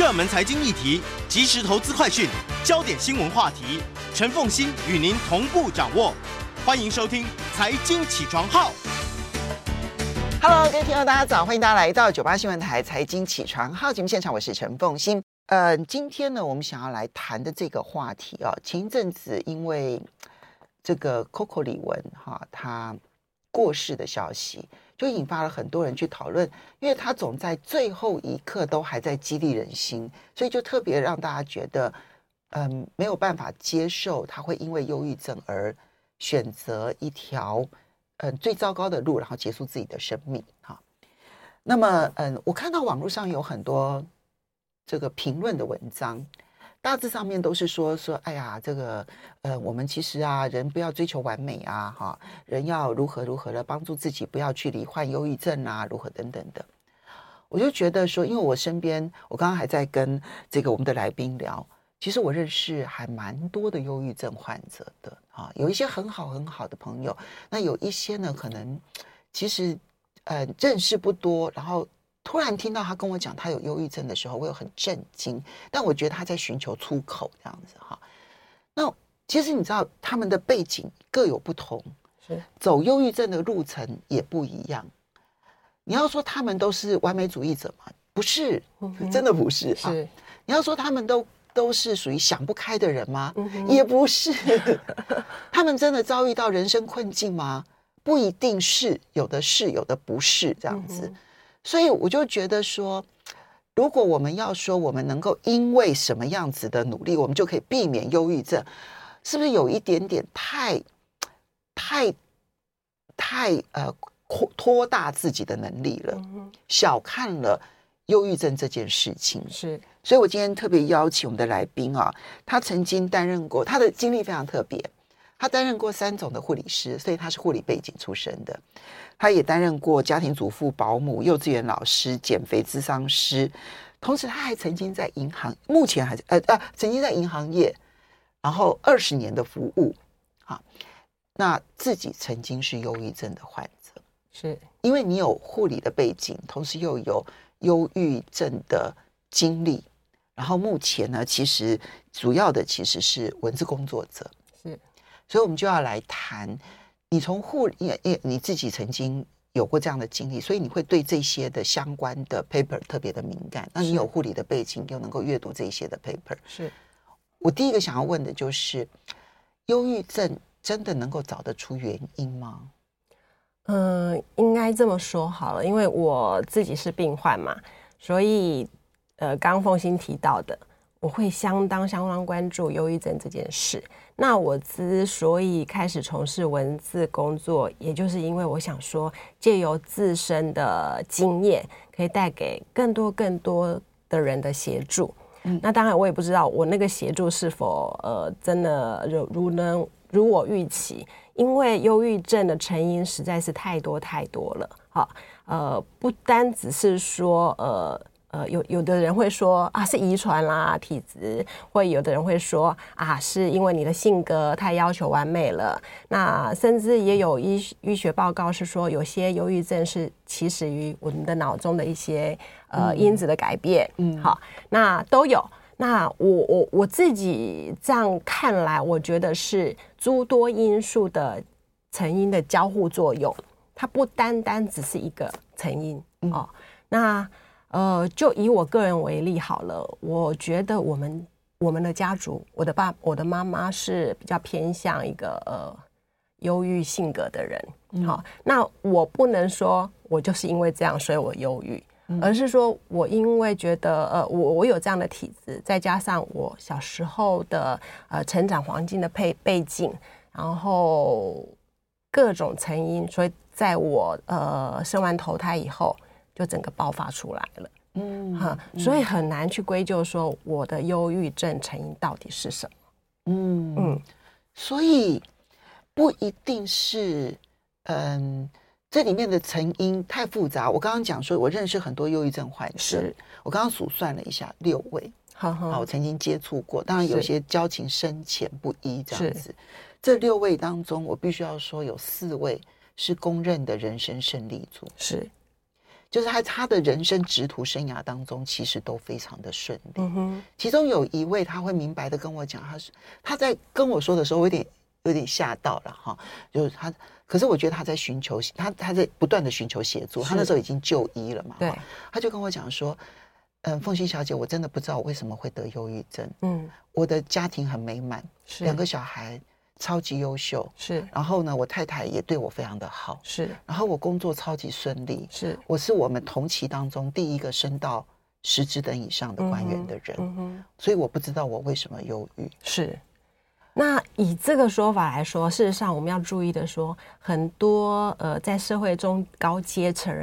熱門財經議題，即時投資快訊，焦點新聞話題，陳鳳馨與您同步掌握。歡迎收聽《財經起床號》。Hello，各位聽眾，大家早，歡迎大家來到九八新聞台《財經起床號》節目現場，我是陳鳳馨。嗯，今天呢，我們想要來談的這個話題啊，前一陣子因為這個 Coco 李玟哈她過世的消息。就引發了很多人去討論，因為他總在最後一刻都還在激勵人心，所以就特別讓大家覺得，嗯，沒有辦法接受他會因為憂鬱症而選擇一條，嗯，最糟糕的路，然後結束自己的生命哈、啊。那麼，嗯，我看到網絡上有很多這個評論的文章。大致上面都是說說，哎呀，這個，呃，我們其實啊，人不要追求完美啊，哈，人要如何如何的幫助自己，不要去罹患憂鬱症啊，如何等等的。我就覺得說，因為我身邊，我剛剛還在跟這個我們的來賓聊，其實我認識還蠻多的憂鬱症患者的啊，有一些很好很好的朋友，那有一些呢，可能其實呃認識不多，然後。突然聽到他跟我講他有憂鬱症的時候，我有很震驚。但我覺得他在尋求出口這樣子哈。那其實你知道他們的背景各有不同，是走憂鬱症的路程也不一樣。你要說他們都是完美主義者嗎？不是，嗯、真的不是。是、啊、你要說他們都都是屬於想不開的人嗎？嗯、哼也不是。 他們真的遭遇到人生困境嗎？不一定是，有的是，有的不是這樣子。嗯所以我就覺得說，如果我們要說我們能夠因為什麼樣子的努力，我們就可以避免憂鬱症，是不是有一點點太、太、太呃托大自己的能力了，嗯、哼小看了憂鬱症這件事情？是。所以我今天特別邀請我們的來賓啊，他曾經擔任過，他的經歷非常特別。他擔任過三總的護理師，所以他是護理背景出身的。他也擔任過家庭主婦、保姆、幼稚園老師、減肥諮商師，同時他還曾經在銀行，目前還在呃呃，曾經在銀行業，然後二十年的服務啊。那自己曾經是憂鬱症的患者，是因為你有護理的背景，同時又有憂鬱症的經歷，然後目前呢，其實主要的其實是文字工作者。所以，我們就要來談，你從護理，你你自己曾經有過這樣的經歷，所以你會對這些的相關的 paper 特別的敏感。那你有護理的背景，又能夠閱讀這些的 paper。是，我第一個想要問的就是，憂鬱症真的能夠找得出原因嗎？嗯、呃，應該這麼說好了，因為我自己是病患嘛，所以，呃，剛鳳馨提到的。我會相當相當關注憂鬱症這件事。那我之所以開始從事文字工作，也就是因為我想說，藉由自身的經驗，可以帶給更多更多的人的協助。嗯，那當然我也不知道我那個協助是否呃真的如如能如我預期，因為憂鬱症的成因實在是太多太多了。哈，呃，不單只是說呃。呃，有有的人會說啊，是遺傳啦，體質，或有的人會說啊，是因為你的性格太要求完美了。那甚至也有醫醫學報告是說，有些憂鬱症是起始於我們的腦中的一些呃因子、嗯、的改變。嗯，好，那都有。那我我我自己這樣看來，我覺得是諸多因素的成因的交互作用，它不單單只是一個成因、嗯、哦。那呃，就以我個人為例好了，我覺得我們我們的家族，我的爸，我的媽媽是比較偏向一個呃憂鬱性格的人，好、嗯哦，那我不能說我就是因為這樣，所以我憂鬱，嗯、而是說我因為覺得呃，我我有這樣的體質，再加上我小時候的呃成長環境的背背景，然後各種成因，所以在我呃生完頭胎以後。就整個爆發出來了，嗯，哈，所以很難去歸咎說我的憂鬱症成因到底是什麼？嗯，嗯，所以不一定是，嗯，這裡面的成因太複雜。我剛剛講說我認識很多憂鬱症患者，是我剛剛數算了一下，六位，好，好，我曾經接觸過，是當然有些交情深淺不一這樣子。是這六位當中，我必須要說有四位是公認的人生勝利組，是。就是他，他的人生職途生涯當中，其實都非常的順利。嗯、哼其中有一位他會明白的跟我講，他是他在跟我說的時候，我有點有點嚇到了哈。就是他，可是我覺得他在尋求，他他在不斷的尋求協助。是他那時候已經就醫了嘛，對。他就跟我講說，嗯，鳳馨小姐，我真的不知道我為什麼會得憂鬱症。嗯，我的家庭很美滿，是兩個小孩，超級優秀是，然後呢，我太太也對我非常的好是，然後我工作超級順利是，我是我們同期當中第一個升到十職等以上的官員的人，嗯嗯、所以我不知道我為什麼憂鬱是。那以這個說法來說，事實上我們要注意的說，很多呃在社會中高階層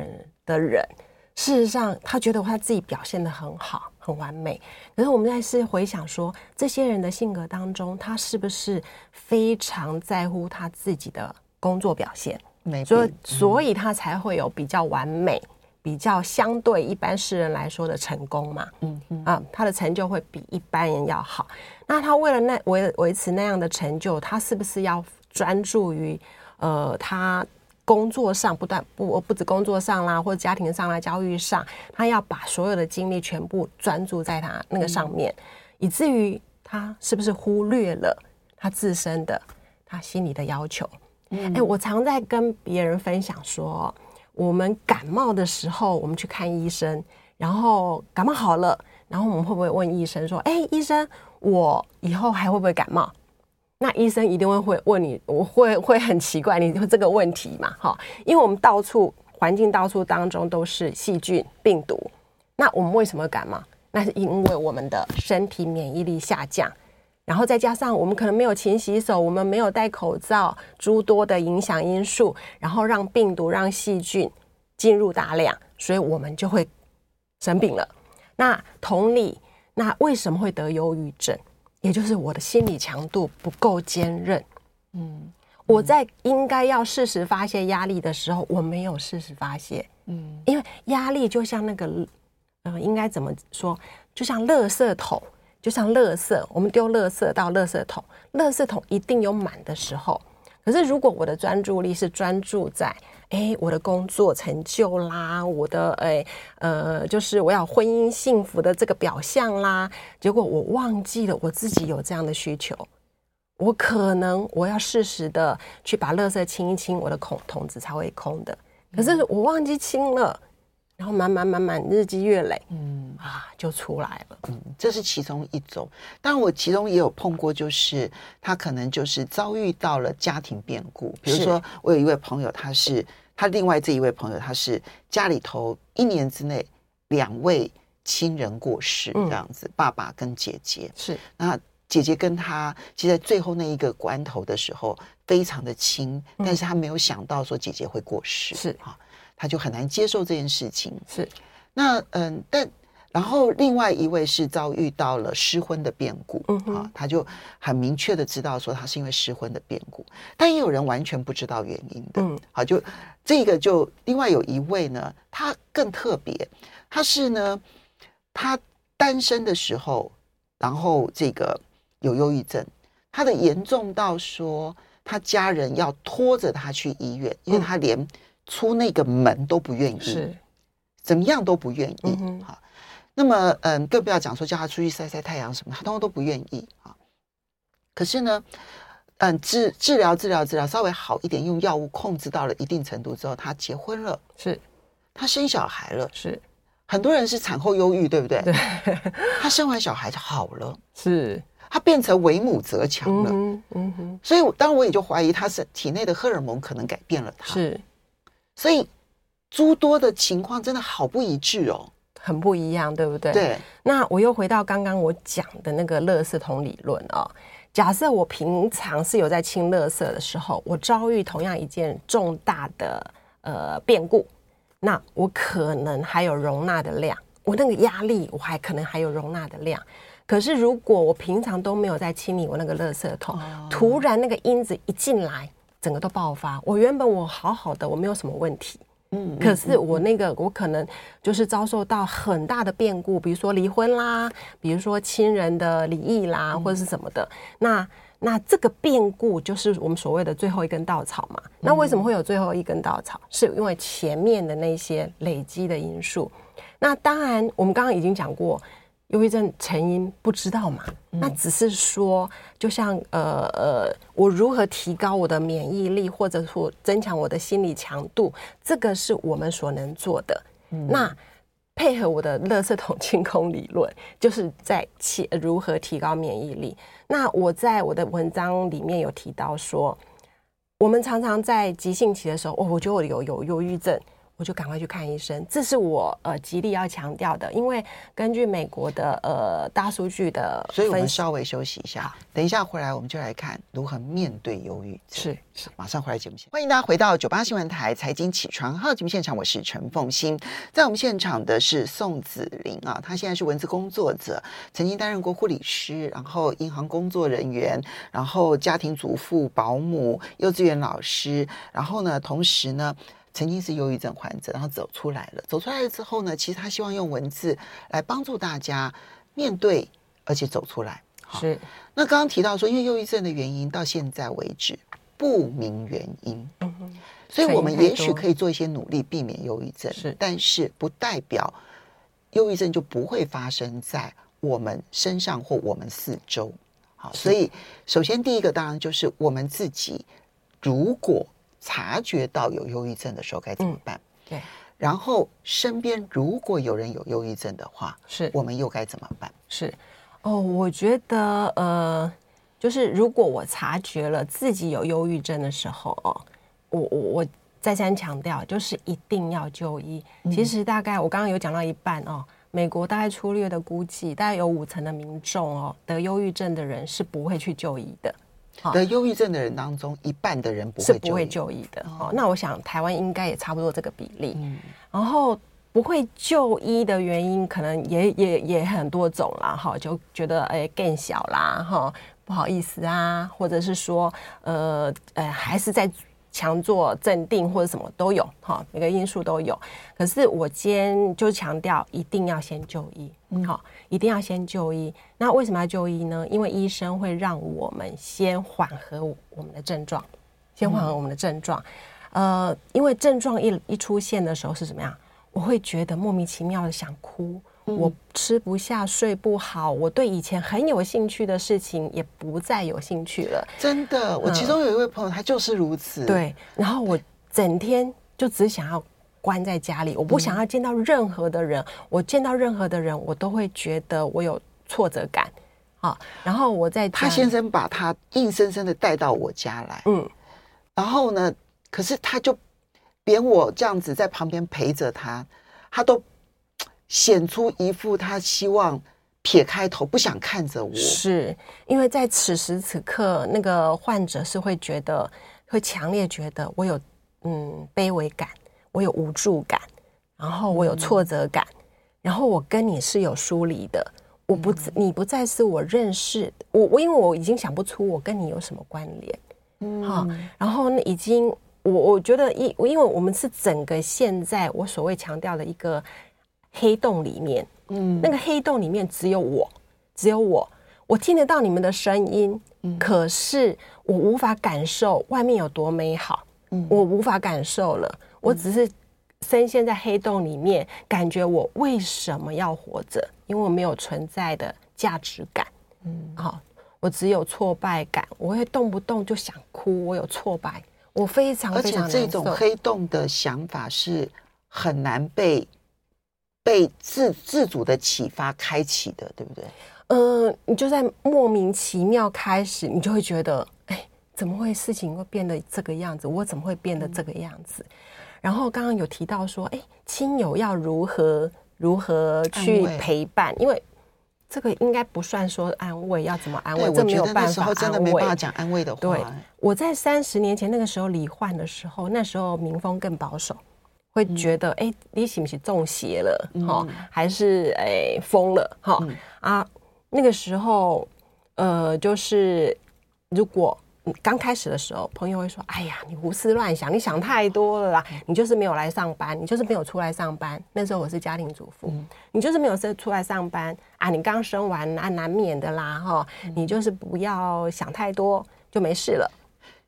的人，事實上他覺得他自己表現得很好。很完美，可是我們再思回想說，這些人的性格當中，他是不是非常在乎他自己的工作表現？沒錯。所以，所以他才會有比較完美，嗯、比較相對一般世人來說的成功嘛，嗯。嗯嗯啊，呃，他的成就會比一般人要好。那他為了那維維持那樣的成就，他是不是要專注於呃他？工作上不斷不不，不止工作上啦，或者家庭上啦、教育上，他要把所有的精力全部專注在他那個上面，嗯、以至於他是不是忽略了他自身的他心裡的要求？哎、嗯欸，我常在跟別人分享說，我們感冒的時候，我們去看醫生，然後感冒好了，然後我們會不會問醫生說，哎、欸，醫生，我以後還會不會感冒？那醫生一定會會問你，我會會很奇怪你有這個問題嘛？哈，因為我們到處環境到處當中都是細菌病毒，那我們為什麼感冒？那是因為我們的身體免疫力下降，然後再加上我們可能沒有勤洗手，我們沒有戴口罩，諸多的影響因素，然後讓病毒讓細菌進入大量，所以我們就會生病了。那同理，那為什麼會得憂鬱症？也就是我的心理強度不夠堅韌，嗯，我在應該要適時發洩壓力的時候，我沒有適時發洩，嗯，因為壓力就像那個，嗯，應該怎麼說？就像垃圾桶，就像垃圾。我們丟垃圾到垃圾桶，垃圾桶一定有滿的時候。可是如果我的專注力是專注在。哎、欸，我的工作成就啦，我的哎、欸、呃，就是我要婚姻幸福的這個表象啦。結果我忘記了我自己有這樣的需求，我可能我要適時的去把垃圾清一清，我的桶桶子才會空的。可是我忘記清了。然後慢慢慢慢日積月累，嗯啊，就出來了。嗯，這是其中一種。但我其中也有碰過，就是他可能就是遭遇到了家庭變故。比如說，是我有一位朋友，他是他另外這一位朋友，他是家裡頭一年之內兩位親人過世這樣子，嗯、爸爸跟姐姐。是。那姐姐跟他其實在最後那一個關頭的時候，非常的親，但是他沒有想到說姐姐會過世。是、嗯啊他就很難接受這件事情，是。那嗯，但然後另外一位是遭遇到了失婚的變故，嗯哼，啊，他就很明確的知道說他是因為失婚的變故，但也有人完全不知道原因的，嗯，好，就這個就另外有一位呢，他更特別，他是呢，他單身的時候，然後這個有憂鬱症，他的嚴重到說他家人要拖着他去醫院，因為他連。嗯出那個門都不願意，是，怎麼樣都不願意。嗯哼啊、那麼嗯，更不要講說叫他出去曬曬太陽什麼，他通常都不願意。好、啊，可是呢，嗯，治治療治療治療，稍微好一點，用藥物控制到了一定程度之後，他結婚了，是，他生小孩了，是。很多人是產後憂鬱，對不對？對，他生完小孩就好了，是，他變成為母則強了，嗯哼。嗯哼所以當然我也就懷疑他是體內的荷爾蒙可能改變了他，是。所以諸多的情況真的好不一致哦，很不一樣，對不對？對。那我又回到剛剛我講的那個垃圾桶理論哦。假設我平常是有在清垃圾的時候，我遭遇同樣一件重大的呃變故，那我可能還有容納的量，我那個壓力我還可能還有容納的量。可是如果我平常都沒有在清理我那個垃圾桶，哦、突然那個因子一進來。整個都爆發。我原本我好好的，我沒有什麼問題，嗯，嗯，嗯，嗯。可是我那個我可能就是遭受到很大的變故，比如說離婚啦，比如說親人的離異啦，或者是什麼的。嗯、那那這個變故就是我們所謂的最後一根稻草嘛。那為什麼會有最後一根稻草？嗯嗯，是因為前面的那些累積的因素。那當然，我們剛剛已經講過。憂鬱症成因不知道嘛。那只是說，就像呃呃，我如何提高我的免疫力，或者說增強我的心理強度，這個是我們所能做的。那配合我的“垃圾桶清空”理論，就是在提如何提高免疫力。那我在我的文章裡面有提到說，我們常常在急性期的時候，哦，我覺得我有有憂鬱症。我就趕快去看醫生，這是我呃極力要強調的，因為根據美國的呃大數據的，所以我們稍微休息一下，好等一下回來我們就來看如何面對猶豫憂鬱，是是，馬上回來，節目現是歡迎大家回到九八新聞台財經起床號節目現場，我是陳鳳馨，在我們現場的是宋紫菱啊，他現在是文字工作者，曾經擔任過護理師，然後銀行工作人員，然後家庭主婦、保姆、幼稚園老師，然後呢，同時呢。曾經是憂鬱症患者，然後走出來了。走出來了之後呢，其實他希望用文字來幫助大家面對，而且走出來。好，是。那剛剛提到說，因為憂鬱症的原因，到現在為止不明原因，嗯，所以我們也許可以做一些努力，避免憂鬱症。是，但是不代表憂鬱症就不會發生在我們身上或我們四周。好，是所以首先第一個當然就是我們自己，如果。察覺到有憂鬱症的時候該怎麼辦？嗯、對，然後身邊如果有人有憂鬱症的話，是我們又該怎麼辦？是哦，我覺得呃，就是如果我察覺了自己有憂鬱症的時候哦，我我我再三強調，就是一定要就醫。其實大概我剛剛有講到一半哦，美國大概粗略的估計，大概有五成的民眾哦，得憂鬱症的人是不會去就醫的。得憂鬱症的人當中，哦、一半的人不會，是不會就醫的。哦，那我想台灣應該也差不多這個比例。嗯、然後不會就醫的原因，可能也也也很多種啦。哈、哦，就覺得、欸、更小啦。哈、哦，不好意思啊，或者是說呃呃還是在強作鎮定，或者什麼都有。哈、哦，每個因素都有。可是我今天就強調，一定要先就醫。好、嗯。哦一定要先就醫。那為什麼要就醫呢？因為醫生會讓我們先緩和我們的症狀，先緩和我們的症狀。嗯、呃，因為症狀一一出現的時候是怎麼樣？我會覺得莫名其妙的想哭，嗯、我吃不下，睡不好，我對以前很有興趣的事情也不再有興趣了。真的，我其中有一位朋友，呃，他就是如此。對，然後我整天就只想要。關在家裡，我不想要見到任何的人。嗯，我見到任何的人，我都會覺得我有挫折感啊。然後我在這樣，他先生把他硬生生的帶到我家來，嗯，然後呢，可是他就連我這樣子在旁邊陪着他，他都顯出一副他希望撇開頭，不想看着我。是，因為在此時此刻，那個患者是會覺得，會強烈覺得我有，嗯，卑微感。我有無助感，然後我有挫折感，嗯、然後我跟你是有疏離的。嗯、我不，你不再是我認識的我，我因為我已經想不出我跟你有什麼關聯，嗯，好，然後已經，我我覺得，因因為我們是整個現在我所謂強調的一個黑洞裡面，嗯，那個黑洞裡面只有我，只有我，我聽得到你們的聲音，嗯、可是我無法感受外面有多美好，嗯，我無法感受了。我只是深陷在黑洞裡面，感覺我為什麼要活着？因為我沒有存在的價值感。嗯，好、哦，我只有挫敗感，我會動不動就想哭。我有挫敗，我非常非常。而且這種黑洞的想法是很難被、嗯、被自自主的啟發開啟的，對不對？嗯、呃，你就在莫名其妙開始，你就會覺得，哎、欸，怎麼會事情會變得這個樣子？我怎麼會變得這個樣子？嗯嗯然後剛剛有提到說，哎，親友要如何如何去陪伴？安慰。因為這個應該不算說安慰，要怎麼安慰？我覺得那時候真的沒辦法講安慰的話。對，我在三十年前那個時候罹患的時候，那時候民風更保守，會覺得哎、嗯，你是不是中邪了？哈、嗯，還是哎瘋了？哈、嗯、啊，那個時候呃，就是如果。剛開始的時候，朋友會說：“哎呀，你胡思亂想，你想太多了啦！你就是沒有來上班，你就是沒有出來上班。那時候我是家庭主婦，嗯、你就是沒有生出來上班啊！你剛生完啊，難免的啦，哈、哦！你就是不要想太多，就沒事了。”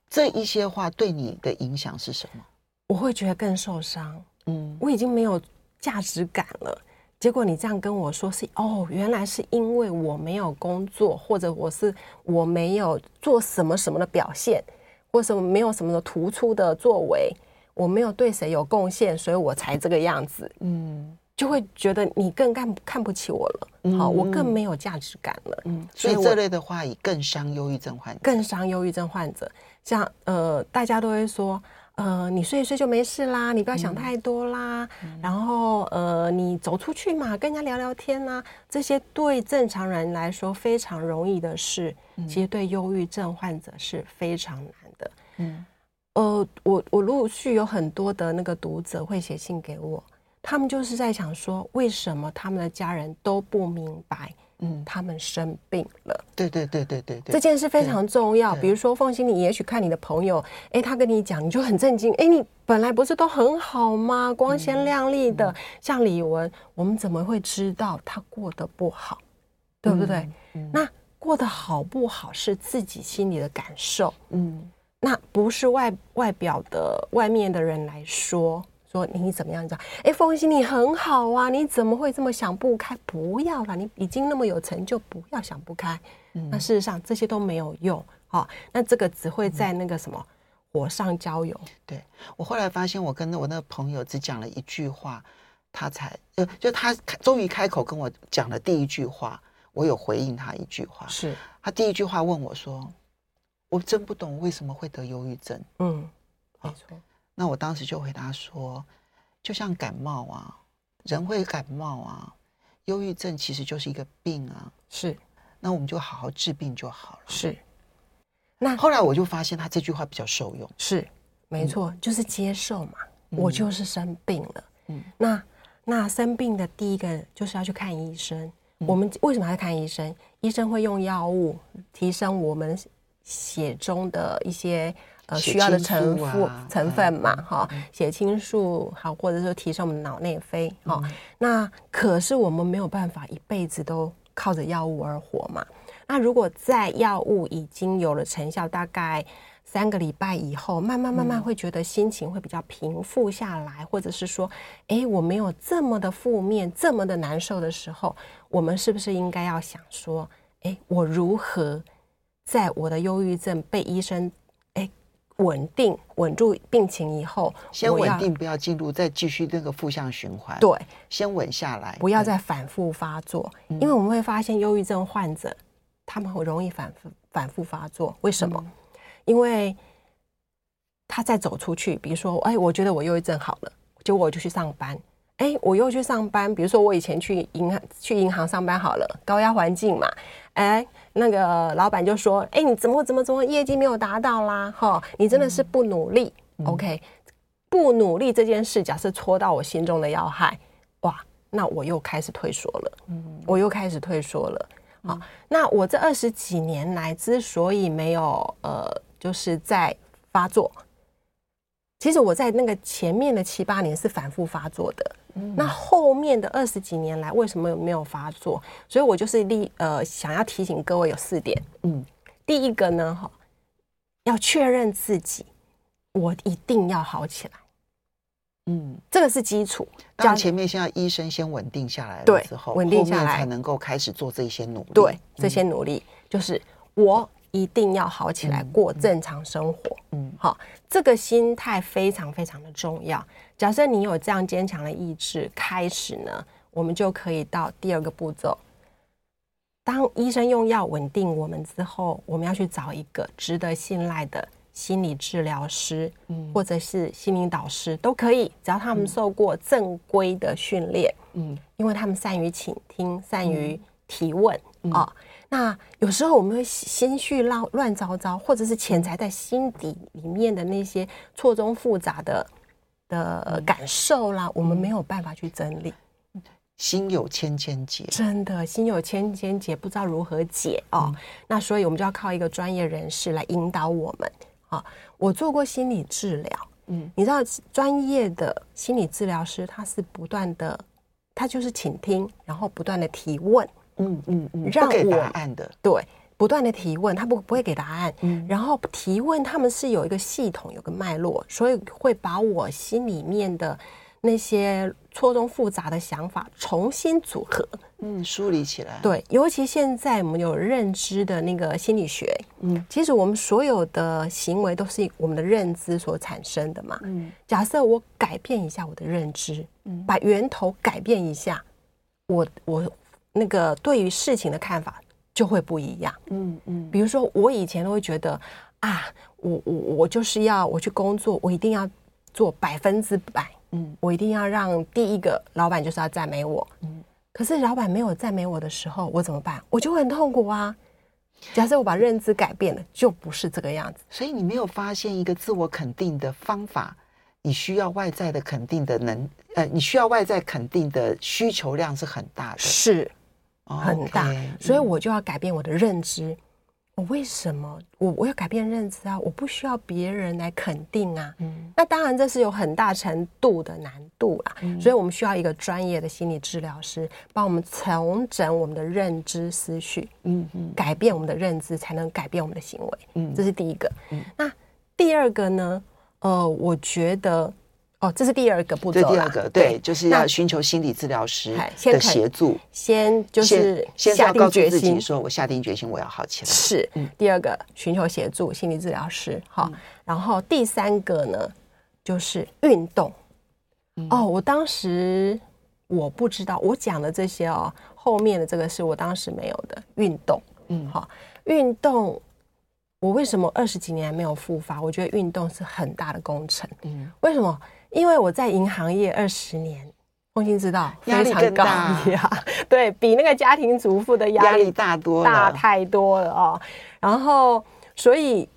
這一些話對你的影響是什麼？我會覺得更受傷。嗯，我已經沒有價值感了。結果你這樣跟我說，是哦，原來是因為我沒有工作，或者我是我沒有做什麼什麼的表現，或者什麼沒有什麼的突出的作為，我沒有對誰有貢獻，所以我才這個樣子。嗯，就會覺得你更看看不起我了。好、嗯哦，我更沒有價值感了。嗯，所以，所以這類的話，以更傷憂鬱症患者，更傷憂鬱症患者。像呃，大家都會說。呃，你睡一睡就沒事啦，你不要想太多啦。嗯、然後，呃，你走出去嘛，跟人家聊聊天啊，這些對正常人來說非常容易的事，嗯、其實對憂鬱症患者是非常難的。嗯，呃，我我陸續有很多的那個讀者會寫信給我，他們就是在想說，為什麼他們的家人都不明白？嗯，他們生病了。對對對對對對，這件事非常重要。比如說，鳳馨，你也許看你的朋友，對誒，他跟你講，你就很震驚。哎，你本來不是都很好嗎？光鮮亮麗的，嗯嗯、像李玟，我們怎麼會知道他過得不好？對不對？嗯嗯、那過得好不好是自己心裡的感受，嗯，那不是外外表的外面的人來說。說你怎麼樣？你知道？哎，鳳馨，你很好啊！你怎麼會這麼想不開？不要啦，你已經那麼有成就，不要想不開。嗯、那事實上，這些都沒有用啊、哦。那這個只會在那個什麼、嗯、火上澆油。對，我後來發現，我跟那我那個朋友只講了一句話，他才就就他終於開口跟我講了第一句話，我有回應他一句話。是，他第一句話問我說：“我真不懂為什麼會得憂鬱症。”嗯，沒錯。哦那我當時就回答說，就像感冒啊，人會感冒啊，憂鬱症其實就是一個病啊，是。那我們就好好治病就好了。是。那後來我就發現他這句話比較受用。是，沒錯，嗯、就是接受嘛，我就是生病了。嗯。那那生病的第一個就是要去看醫生。嗯、我們為什麼還要看醫生？醫生會用藥物提升我們血中的一些。呃，需要的成分、啊、成分嘛，哈、嗯嗯，血清素，好，或者說提升我們腦內啡，哈、嗯哦。那可是我們沒有辦法一輩子都靠着藥物而活嘛。那如果在藥物已經有了成效，大概三個禮拜以後，慢慢慢慢會覺得心情會比較平復下來，嗯、或者是說，哎，我沒有這麼的負面，這麼的難受的時候，我們是不是應該要想說，哎，我如何在我的憂鬱症被醫生。穩定，穩住病情以後，先穩定，不要進入再繼續這個負向循環。對，先穩下來，不要再反复發作。嗯、因為我們會發現，憂鬱症患者他們很容易反覆反复發作，為什麼？嗯、因為他再走出去，比如說，哎，我覺得我憂鬱症好了，結果我就去上班，哎，我又去上班。比如說，我以前去銀行去銀行上班好了，高壓環境嘛，哎。那個老闆就說：“哎，你怎麼怎麼怎麼業績沒有達到啦？哈、哦，你真的是不努力。OK，不努力這件事，假設戳到我心中的要害，哇，那我又開始退縮了。嗯，我又開始退縮了。好、嗯哦，那我這二十幾年來之所以沒有呃，就是在發作。其實我在那個前面的七八年是反复發作的。”嗯、那後面的二十幾年來，為什麼沒有發作？所以我就是立呃，想要提醒各位有四點。嗯，第一個呢，哈，要確認自己，我一定要好起來。嗯，這個是基礎。當前面先要醫生先穩定下來，了之後對穩定下來後面才能夠開始做這些努力。對，這些努力、嗯、就是我。一定要好起來，過正常生活。嗯，嗯好，這個心態非常非常的重要。假設你有這樣堅強的意志，開始呢，我們就可以到第二個步驟。當醫生用藥穩定我們之後，我們要去找一個值得信賴的心理治療師，嗯，或者是心靈導師都可以，只要他們受過正規的訓練，嗯，嗯，因為他們善於傾聽，善於提問啊。嗯嗯哦那有時候我們會心緒亂亂糟糟，或者是潛藏在，在心底裡面的那些錯綜複雜的的感受啦，嗯、我們沒有辦法去整理。嗯、心有千千結，真的心有千千結，不知道如何解，嗯、哦。那所以我們就要靠一個專業人士來引導我們啊、哦。我做過心理治療，嗯，你知道專業的心理治療師他是不斷的，他就是傾聽，然後不斷的提問。嗯嗯嗯，嗯嗯讓我不給答案的，對，不斷的提問，他不不會給答案。嗯，然後提問他們是有一個系統，有個脈絡，所以會把我心裡面的那些錯綜複雜的想法重新組合，嗯，梳理起來。對，尤其現在我們有認知的那個心理學，嗯，其實我們所有的行為都是我們的認知所產生的嘛。嗯，假設我改變一下我的認知，嗯，把源頭改變一下，我我。那個對於事情的看法就會不一樣，嗯嗯，嗯比如說，我以前都會覺得，啊，我我我就是要我去工作，我一定要做百分之百，嗯，我一定要讓第一個老闆就是要讚美我，嗯，可是老闆沒有讚美我的時候，我怎麼辦？我就會很痛苦啊。假設我把認知改變了，就不是這個樣子。所以你沒有發現一個自我肯定的方法，你需要外在的肯定的能，呃，你需要外在肯定的需求量是很大的，是。很大，okay, 所以我就要改變我的認知。我、嗯、為什麼我我要改變認知啊？我不需要別人來肯定啊。嗯、那當然這是有很大程度的難度啊。嗯、所以我們需要一個專業的心理治療師幫我們重整我們的認知思緒，嗯嗯改變我們的認知才能改變我們的行為。嗯、這是第一個。嗯、那第二個呢？呃，我覺得。哦，這是第二個步驟對，第二個對，對就是要尋求心理治療師的協助。先,先就是先下定決心，說我下定決心，我要好起來。是，嗯、第二個尋求協助心理治療師。哈，嗯、然後第三個呢，就是運動。嗯、哦，我當時我不知道，我講的這些哦，後面的這個是我當時沒有的運動。嗯，好，運動，我為什麼二十幾年還沒有復發？我覺得運動是很大的工程。嗯，為什麼？因為我在銀行業二十年，風險，知道非常高，壓力更大呀！ 對比那個家庭主婦的壓力大，壓力大多大太多了啊、哦。然後，所以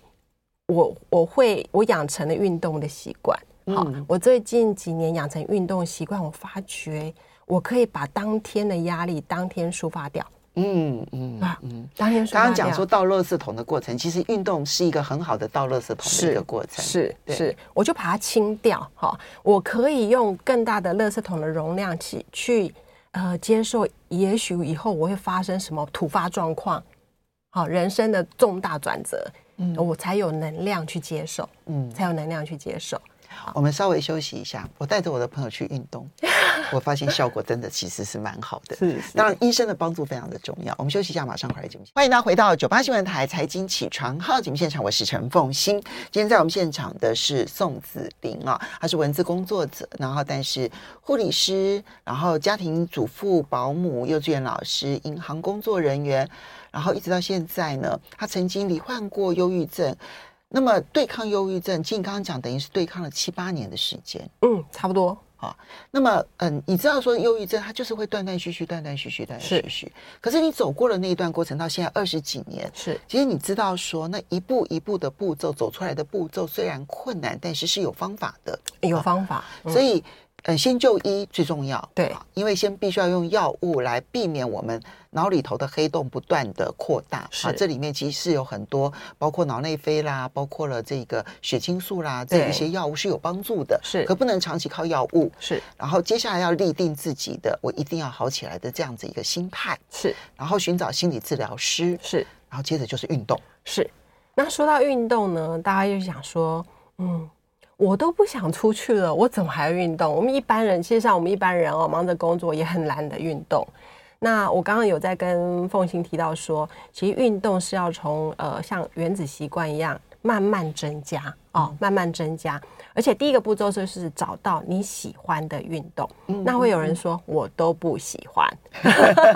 我，我我會我養成了運動的習慣。嗯、好，我最近幾年養成運動習慣，我發覺我可以把當天的壓力當天抒發掉。嗯嗯啊嗯，剛剛講說到垃圾桶的過程，其實運動是一個很好的倒垃圾桶的一個過程。是是，對是，我就把它清掉哈，哦，我可以用更大的垃圾桶的容量去去呃，接受，也許以後我會發生什麼突發狀況，好，哦，人生的重大轉折，嗯，我才有能量去接受，嗯，才有能量去接受。好我們稍微休息一下，我帶着我的朋友去運動， 我發現效果真的其實是蠻好的。 是、是，當然，醫生的幫助非常的重要。我們休息一下，馬上回來節目。歡迎大家回到九八新聞台財經起床號節目現場，我是陳鳳馨。今天在我們現場的是宋紫菱啊，她是文字工作者，然後但是護理師，然後家庭主婦、保姆、幼稚園老師、銀行工作人員，然後一直到現在呢，她曾經罹患過憂鬱症。那麼對抗憂鬱症，靜剛剛講，等於是對抗了七八年的時間。嗯，差不多啊、哦。那麼，嗯，你知道說憂鬱症它就是會斷斷續續，斷斷續續，斷斷續續。是。可是你走過了那一段過程，到現在二十幾年，是。其實你知道說那一步一步的步驟走出來的步驟雖然困難，但是是有方法的，有方法。哦嗯、所以。嗯，先就醫最重要。對、啊，因為先必須要用藥物來避免我們腦裡頭的黑洞不斷的擴大。是、啊，這裡面其實是有很多，包括腦內啡啦，包括了這個血清素啦，對這一些藥物是有幫助的。是，可不能長期靠藥物。是，然後接下來要立定自己的，我一定要好起來的這樣子一個心態。是，然後尋找心理治療師。是，然後接着就是運動。是，那說到運動呢，大家就想說，嗯。我都不想出去了，我怎麼還要運動？我們一般人，其實像我們一般人哦，忙着工作也很難得運動。那我剛剛有在跟鳳馨提到說，其實運動是要從呃像原子習慣一樣慢慢增加哦，嗯、慢慢增加。而且第一個步驟就是找到你喜歡的運動。嗯、那會有人說、嗯、我都不喜歡。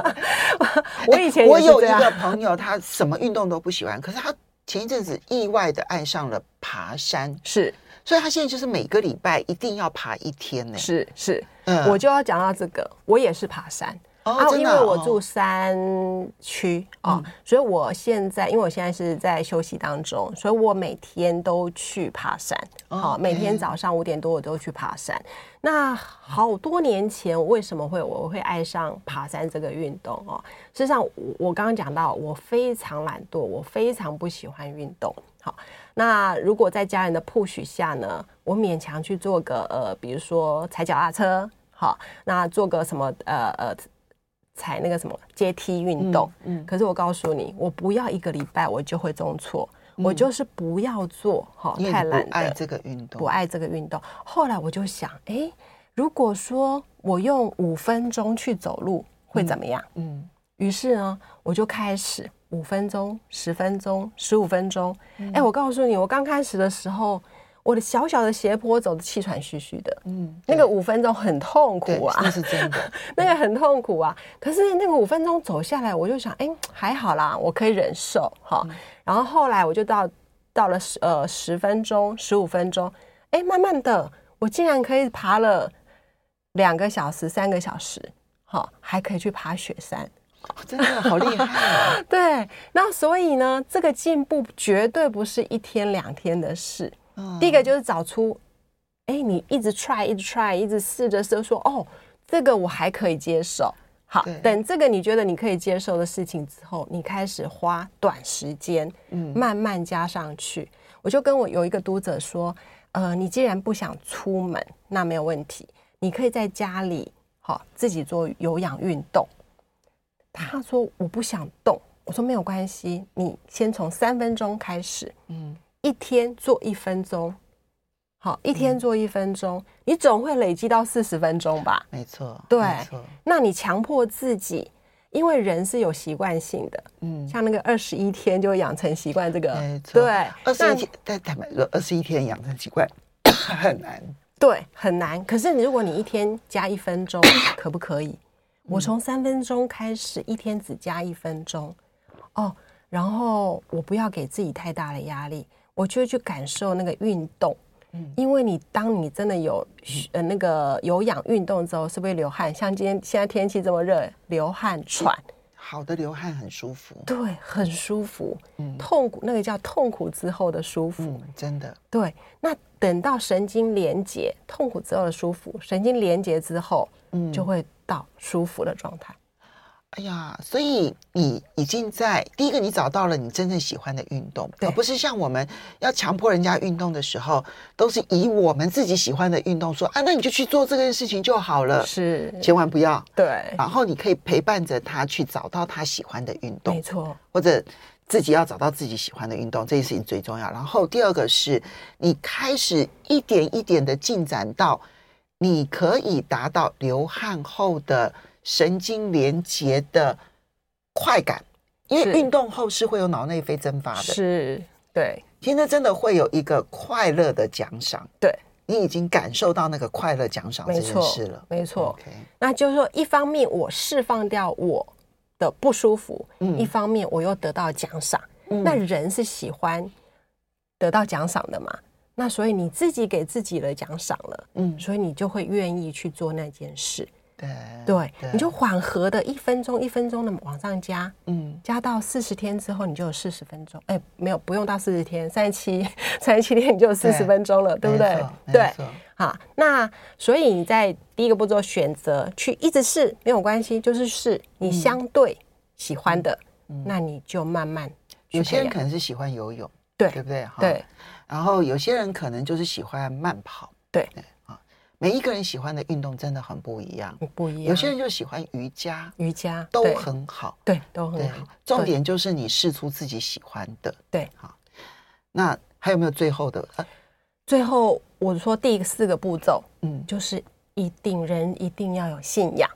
我以前也是、欸、我有一個朋友，他什麼運動都不喜歡，嗯、可是他前一陣子意外的愛上了爬山，是。所以他現在就是每個禮拜一定要爬一天呢，欸。是是，嗯，我就要講到這個，我也是爬山，oh, 啊，啊因為我住山區啊，嗯哦，所以我現在因為我現在是在休息當中，所以我每天都去爬山。好，oh, okay. 每天早上五點多我都去爬山。那好多年前我為什麼會我會愛上爬山這個運動哦？事實上我，我我剛剛講到，我非常懶惰，我非常不喜歡運動。好，哦。那如果在家人的 push 下呢，我勉強去做個呃，比如說踩腳踏車，好，那做個什麼呃呃踩那個什麼階梯運動嗯。嗯。可是我告訴你，我不要一個禮拜我就會中輟，嗯、我就是不要做，好、喔，太懶的。不愛這個運動。不愛這個運動。後來我就想，哎、欸，如果說我用五分鐘去走路會怎麼樣？嗯。嗯，於是呢，我就開始。五分鐘、十分鐘、十五分鐘，哎、嗯欸，我告訴你，我剛開始的時候，我的小小的斜坡走得氣喘吁吁的，嗯，那個五分鐘很痛苦啊，那是真的，嗯、 那個很痛苦啊。可是那個五分鐘走下來，我就想，哎、欸，還好啦，我可以忍受，哈。嗯、然後後來我就到到了十呃十分鐘、十五分鐘，哎、欸，慢慢的，我竟然可以爬了兩個小時、三個小時，好，還可以去爬雪山。哦、真的好厲害、啊！ 對，那所以呢，這個進步絕對不是一天兩天的事。嗯、第一個就是找出，哎、欸，你一直 try，一直 try，一直試着說，說哦，這個我還可以接受。好，對等這個你覺得你可以接受的事情之後，你開始花短時間，慢慢加上去。嗯、我就跟我有一個讀者說，呃，你既然不想出門，那沒有問題，你可以在家裡，好，自己做有氧運動。他說：“我不想動。”我說：“沒有關係，你先從三分鐘開始，嗯，一天做一分鐘，好，一天做一分鐘，你總會累積到四十分鐘吧？沒錯，對，那你強迫自己，因為人是有習慣性的，嗯，像那個二十一天就養成習慣，這個沒錯。對，二十一天，但坦白說，二十一天養成習慣很難，對，很難。可是你如果你一天加一分鐘，可不可以？”我從三分鐘開始，一天只加一分鐘，哦，然後我不要給自己太大的壓力，我就會去感受那個運動。嗯，因為你當你真的有呃，嗯，那個有氧運動之後，是不是流汗？像今天現在天氣這麼熱，流汗喘，好的流汗很舒服，對，很舒服。嗯，痛苦那個叫痛苦之後的舒服，嗯，真的。對，那等到神經連結痛苦之後的舒服，神經連結之後，嗯，就會。到舒服的狀態，哎呀，所以你已經在第一個，你找到了你真正喜歡的運動，對而不是像我們要強迫人家運動的時候，都是以我們自己喜歡的運動說啊，那你就去做這件事情就好了，是，千萬不要對。然後你可以陪伴着他去找到他喜歡的運動，沒錯，或者自己要找到自己喜歡的運動，這件事情最重要。然後第二個是，你開始一點一點的進展到。你可以達到流汗後的神經連接的快感，因為運動後是會有腦內啡增發的，是對。現在真的會有一個快樂的獎賞，對，你已經感受到那個快樂獎賞這件事了，沒錯。沒錯 Okay 那就是說，一方面我釋放掉我的不舒服，嗯、一方面我又得到獎賞，嗯、那人是喜歡得到獎賞的嘛。那所以你自己給自己的獎賞了，嗯，所以你就會願意去做那件事，對對，你就緩和的一分鐘一分鐘的往上加，嗯，加到四十天之後，你就有四十分鐘，哎，沒有不用到四十天，三十七三十七天你就有四十分鐘了，對不對？對，好，那所以你在第一個步驟選擇去一直試沒有關係，就是試你相對喜歡的，那你就慢慢，有些人可能是喜歡游泳，對對不對？哈，對。然後有些人可能就是喜歡慢跑，對，啊，每一個人喜歡的運動真的很不一樣，我不一樣。有些人就喜歡瑜伽，瑜伽都很好，對，都很好。重點就是你試出自己喜歡的，對，好。那還有沒有最後的？呃，最後我說第四個步驟，嗯，就是一定人一定要有信仰。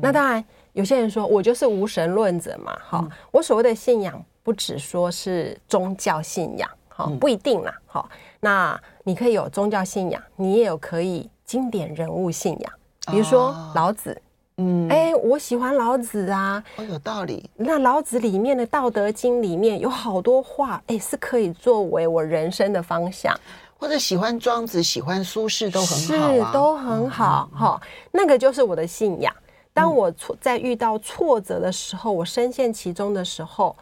那當然，有些人說我就是無神論者嘛，哈，我所謂的信仰不只說是宗教信仰。哦、不一定嘛，好、嗯哦，那你可以有宗教信仰，你也有可以經典人物信仰，比如說老子，哦、誒嗯，哎，我喜歡老子啊，哦、有道理。那老子裡面的《道德經》裡面有好多話，哎，是可以作為我人生的方向，或者喜歡莊子、喜歡蘇軾都、啊、都很好，是都很好哈。那個就是我的信仰。當我錯，在遇到挫折的時候，嗯、我深陷其中的時候，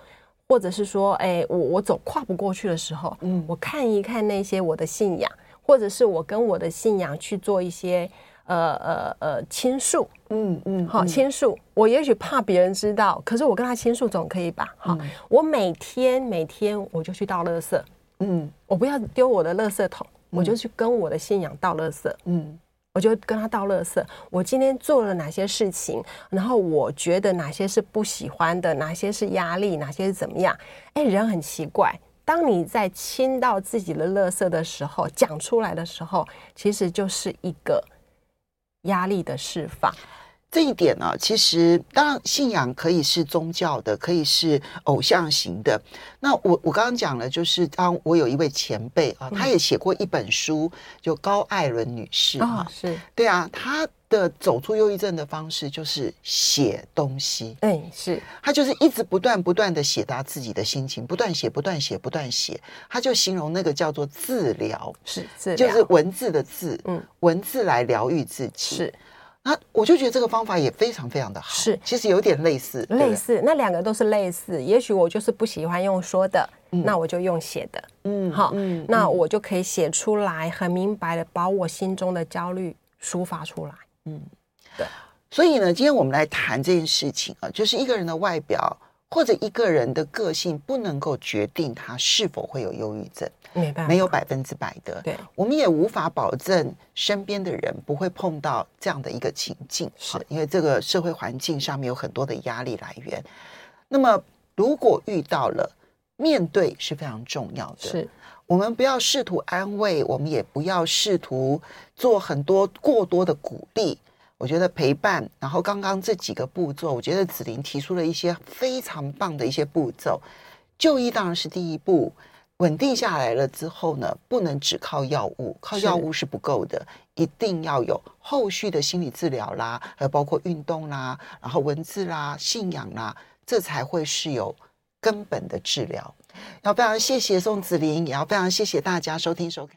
或者是說，哎，我我走跨不過去的時候，嗯，我看一看那些我的信仰，或者是我跟我的信仰去做一些，呃呃呃，傾訴，嗯嗯，嗯好傾訴，我也許怕別人知道，可是我跟他傾訴總可以吧，好，嗯，我每天每天我就去倒垃圾，嗯，我不要丟我的垃圾桶，我就去跟我的信仰倒垃圾，嗯。嗯我就跟他倒垃圾，我今天做了哪些事情，然後我覺得哪些是不喜歡的，哪些是壓力，哪些是怎麼樣？哎，人很奇怪，當你在傾倒自己的垃圾的時候，講出來的時候，其實就是一個壓力的釋放。這一點呢、哦，其實當然信仰可以是宗教的，可以是偶像型的。那我我剛剛講了，就是當我有一位前輩啊，嗯、他也寫過一本書，就高艾倫女士啊，哦、是對啊，她的走出憂鬱症的方式就是寫東西。嗯，是，她就是一直不斷不斷的寫她自己的心情，不斷寫，不斷寫，不斷寫。她就形容那個叫做字療，是字療，就是文字的字，嗯，文字來療癒自己。是。那我就覺得這個方法也非常非常的好，是，其實有點類似，類似，那兩個都是類似。也許我就是不喜歡用說的，嗯、那我就用寫的，嗯，好，嗯、那我就可以寫出來，很明白的把我心中的焦慮抒發出來，嗯，對。所以呢，今天我們來談這件事情啊，就是一個人的外表或者一個人的個性，不能夠決定他是否會有憂鬱症。沒辦法，沒有百分之百的，對，我們也無法保證身邊的人不會碰到這樣的一個情境，是因為這個社會環境上面有很多的壓力來源。那麼，如果遇到了，面對是非常重要的。是，我們不要試圖安慰，我們也不要試圖做很多過多的鼓勵。我覺得陪伴，然後剛剛這幾個步驟，我覺得紫菱提出了一些非常棒的一些步驟。就醫當然是第一步。穩定下來了之後呢，不能只靠藥物，靠藥物是不夠的，是一定要有後續的心理治療啦，還有包括運動啦，然後文字啦、信仰啦，這才會是有根本的治療。要非常謝謝宋紫菱，也要非常謝謝大家收聽收看。